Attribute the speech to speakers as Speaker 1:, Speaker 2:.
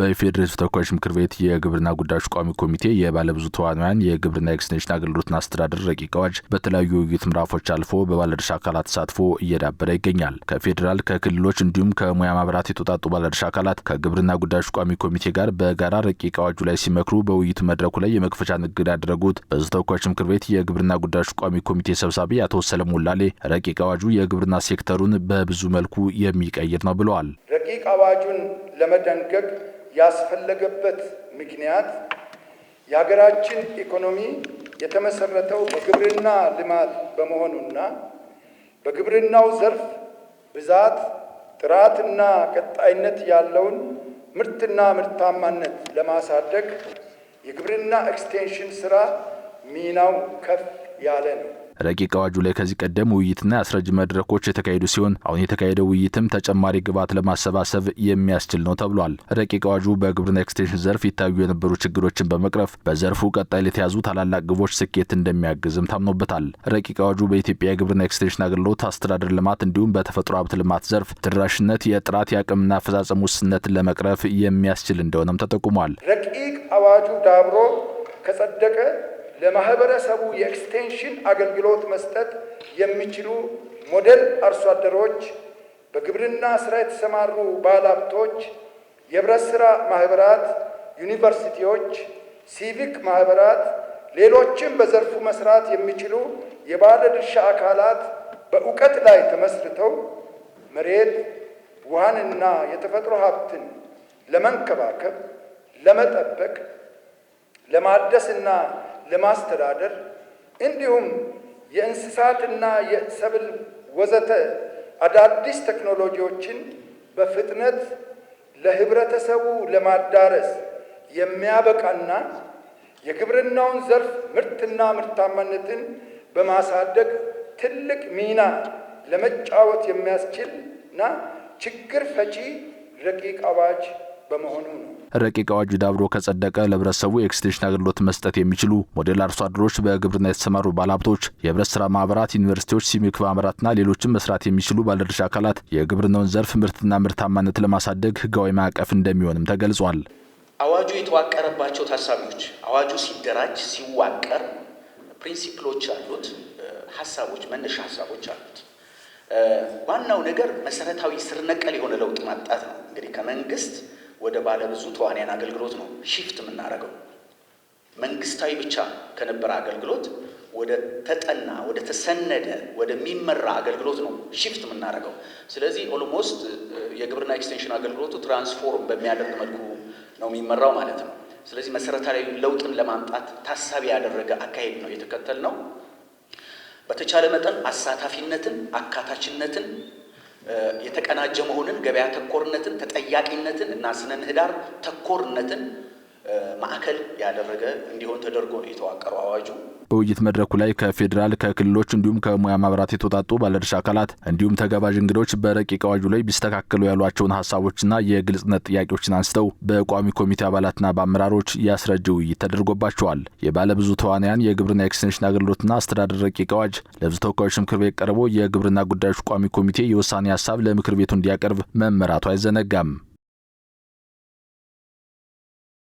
Speaker 1: በኢፌዴሪ ህዝብ ተወካዮች ምክር ቤት የግብርና ጉዳዮች ቋሚ ኮሚቴ የባለብዙ ተዋንያን የግብርና ኤክስቴንሽን አገልግሎትና አስተዳደር ረቂቅ አዋጅ በተለያዩ ውይይት ምዕራፎች አልፎ በባለድርሻ አካላት ተሳትፎ እየዳበረ ይገኛል። ከፌዴራል ከክልሎች እንዲሁም ከሙያ ማህበራት የተውጣጡ ባለድርሻ አካላት ከግብርና ጉዳዮች ቋሚ ኮሚቴ ጋር በጋራ ረቂቅ አዋጁ ላይ ሲመክሩ በውይይቱ መድረኩ ላይ የመክፈቻ ንግግር ያደረጉት በህዝብ ተወካዮች ምክር ቤት የግብርና ጉዳዮች ቋሚ ኮሚቴ ሰብሳቢ አቶ ሰለሞን ሞላሌ ረቂቅ አዋጁ የግብርና ሴክተሩን በብዙ መልኩ የሚቀይር ነው ብለዋል።
Speaker 2: ረቂቅ አዋጁን ለመደንገግ ያስፈለገበት ምክንያት የሀገራችን ኢኮኖሚ የተመሰረተው በግብርና ልማት በመሆኑና በግብርናው ዘርፍ ብዛት ጥራትና ቀጣይነት ያለውን ምርትና ምርታማነት ለማሳደግ የግብርና ኤክስቴንሽን ስራ ሚናው ከፍ ያለ ነው።
Speaker 1: ረቂቅ አዋጁ ላይ ከዚህ ቀደም ውይይትና የአስረጅ መድረኮች የተካሄዱ ሲሆን አሁን የተካሄደው ውይይትም ተጨማሪ ግብዓት ለማሰባሰብ የሚያስችል ነው ተብሏል። ረቂቅ አዋጁ በግብርና ኤክስቴንሽን ዘርፍ ይታዩ የነበሩ ችግሮችን በመቅረፍ በዘርፉ ቀጣይ ለተያዙ ታላላቅ ግቦች ስኬት እንደሚያግዝም ታምኖበታል። ረቂቅ አዋጁ በኢትዮጵያ የግብርና ኤክስቴንሽን አገልግሎት አስተዳደር ልማት እንዲሁም በተፈጥሮ ሀብት ልማት ዘርፍ ተደራሽነት፣ የጥራት የአቅምና አፈጻጸም ውስንነትን ለመቅረፍ የሚያስችል እንደሆነም ተጠቁሟል።
Speaker 2: ረቂቅ አዋጁ ዳብሮ ከጸደቀ ለማህበረሰቡ የኤክስቴንሽን አገልግሎት መስጠት የሚችሉ ሞዴል አርሶ አደሮች፣ በግብርና ስራ የተሰማሩ ባለሀብቶች፣ የህብረት ስራ ማህበራት፣ ዩኒቨርሲቲዎች፣ ሲቪክ ማህበራት፣ ሌሎችም በዘርፉ መስራት የሚችሉ የባለ ድርሻ አካላት በእውቀት ላይ ተመስርተው መሬት ውሃንና የተፈጥሮ ሀብትን ለመንከባከብ፣ ለመጠበቅ፣ ለማደስና ለማስተዳደር እንዲሁም የእንስሳትና የሰብል ወዘተ አዳዲስ ቴክኖሎጂዎችን በፍጥነት ለህብረተሰቡ ለማዳረስ የሚያበቃና የግብርናውን ዘርፍ ምርትና ምርታማነትን በማሳደግ ትልቅ ሚና ለመጫወት የሚያስችል ና ችግር ፈቺ ረቂቅ አዋጅ በመሆኑ
Speaker 1: ረቂቅ አዋጁ ዳብሮ ከጸደቀ ለህብረተሰቡ የኤክስቴንሽን አገልግሎት መስጠት የሚችሉ ሞዴል አርሶ አደሮች፣ በግብርና የተሰማሩ ባለሀብቶች፣ የህብረት ስራ ማህበራት፣ ዩኒቨርሲቲዎች፣ ሲሚክ ማህበራትና ሌሎችም መስራት የሚችሉ ባለድርሻ አካላት የግብርናውን ዘርፍ ምርትና ምርታማነት ለማሳደግ ህጋዊ ማዕቀፍ እንደሚሆንም ተገልጿል።
Speaker 3: አዋጁ የተዋቀረባቸው ታሳቢዎች አዋጁ ሲደራጅ ሲዋቀር ፕሪንሲፕሎች አሉት፣ ሀሳቦች መነሻ ሀሳቦች አሉት። ዋናው ነገር መሰረታዊ ስር ነቀል የሆነ ለውጥ ማጣት ነው። እንግዲህ ከመንግስት ወደ ባለብዙ ተዋንያን አገልግሎት ነው ሺፍት የምናደርገው። መንግስታዊ ብቻ ከነበረ አገልግሎት ወደ ተጠና ወደ ተሰነደ ወደሚመራ አገልግሎት ነው ሺፍት የምናደርገው። ስለዚህ ኦልሞስት uh, የግብርና ኤክስቴንሽን አገልግሎቱ ትራንስፎርም በሚያደርግ መልኩ ነው የሚመራው ማለት ነው። ስለዚህ መሰረታዊ ለውጥን ለማምጣት ታሳቢ ያደረገ አካሄድ ነው የተከተል ነው። በተቻለ መጠን አሳታፊነትን፣ አካታችነትን የተቀናጀ መሆንን፣ ገበያ ተኮርነትን፣ ተጠያቂነትን እና ስነ ምህዳር ተኮርነትን ማዕከል ያደረገ እንዲሆን ተደርጎ ነው አዋጁ።
Speaker 1: በውይይት መድረኩ ላይ ከፌዴራል ከክልሎች እንዲሁም ከሙያ ማብራት የተውጣጡ ባለድርሻ አካላት እንዲሁም ተጋባዥ እንግዶች በረቂቅ አዋጁ ላይ ቢስተካከሉ ያሏቸውን ሀሳቦችና የግልጽነት ጥያቄዎችን አንስተው በቋሚ ኮሚቴ አባላትና በአመራሮች ያስረጀ ውይይት ተደርጎባቸዋል። የባለብዙ ተዋንያን የግብርና ኤክስቴንሽን አገልግሎትና አስተዳደር ረቂቅ አዋጅ ለብዙ ተወካዮች ምክር ቤት ቀርቦ የግብርና ጉዳዮች ቋሚ ኮሚቴ የውሳኔ ሀሳብ ለምክር ቤቱ እንዲያቀርብ መመራቱ አይዘነጋም።